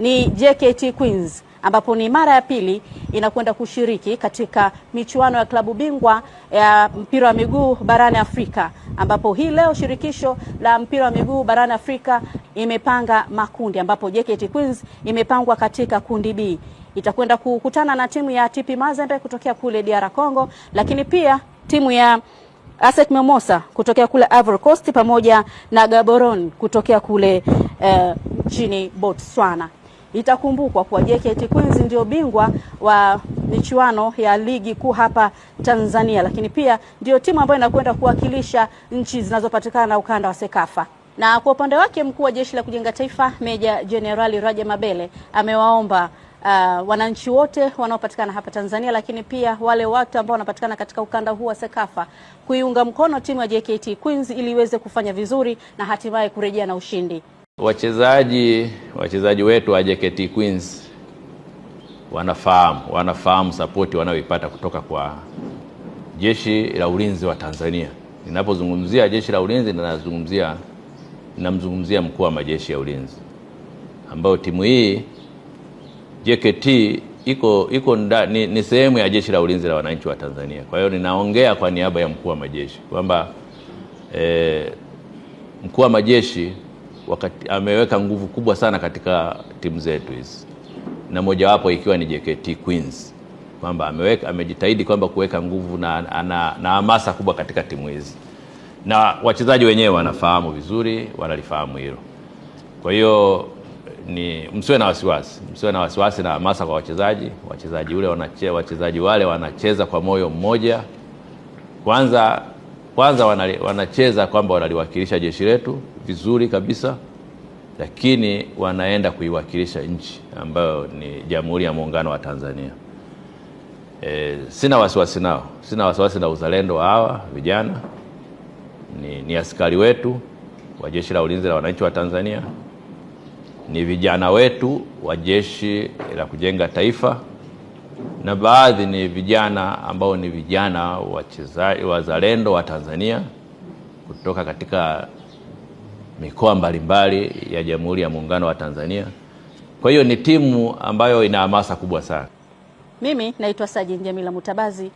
ni JKT Queens ambapo ni mara ya pili inakwenda kushiriki katika michuano ya klabu bingwa ya mpira wa miguu barani Afrika, ambapo hii leo shirikisho la mpira wa miguu barani Afrika imepanga makundi, ambapo JKT Queens imepangwa katika kundi B. Itakwenda kukutana na timu ya TP Mazembe kutokea kule DR Congo, lakini pia timu ya ASEC Mimosa kutokea kule Ivory Coast pamoja na Gaborone kutokea kule eh, nchini uh, Botswana. Itakumbukwa kuwa JKT Queens ndio bingwa wa michuano ya ligi kuu hapa Tanzania, lakini pia ndio timu ambayo inakwenda kuwakilisha nchi zinazopatikana na ukanda wa Sekafa. Na kwa upande wake mkuu wa jeshi la kujenga taifa Meja Jenerali Raja Mabele amewaomba Uh, wananchi wote wanaopatikana hapa Tanzania lakini pia wale watu ambao wanapatikana katika ukanda huu wa Sekafa kuiunga mkono timu ya JKT Queens ili iweze kufanya vizuri na hatimaye kurejea na ushindi. Wachezaji wachezaji wetu wa JKT Queens wanafahamu wanafahamu sapoti wanayoipata kutoka kwa jeshi la ulinzi wa Tanzania. Ninapozungumzia jeshi la ulinzi, ninazungumzia ninamzungumzia mkuu wa majeshi ya ulinzi, ambayo timu hii JKT iko iko ni, ni sehemu ya jeshi la ulinzi la wananchi wa Tanzania. Kwa hiyo ninaongea kwa niaba ya mkuu wa majeshi kwamba eh, mkuu wa majeshi wakati, ameweka nguvu kubwa sana katika timu zetu hizi na mojawapo ikiwa ni JKT Queens kwamba ameweka amejitahidi kwamba kuweka nguvu na hamasa kubwa katika timu hizi, na wachezaji wenyewe wanafahamu vizuri, wanalifahamu hilo. Kwa hiyo ni msiwe na wasiwasi, msiwe na wasiwasi na hamasa kwa wachezaji. Wachezaji ule wanache, wachezaji wale wanacheza kwa moyo mmoja, kwanza kwanza wanacheza kwamba wanaliwakilisha jeshi letu, vizuri kabisa, lakini wanaenda kuiwakilisha nchi ambayo ni Jamhuri ya Muungano wa Tanzania. E, sina wasiwasi nao, sina wasiwasi na uzalendo wa hawa vijana. Ni, ni askari wetu wa Jeshi la Ulinzi la Wananchi wa Tanzania, ni vijana wetu wa Jeshi la Kujenga Taifa, na baadhi ni vijana ambao ni vijana wachezaji wazalendo wa Tanzania kutoka katika mikoa mbalimbali ya Jamhuri ya Muungano wa Tanzania. Kwa hiyo ni timu ambayo ina hamasa kubwa sana. Mimi naitwa Sajin Jamila Mutabazi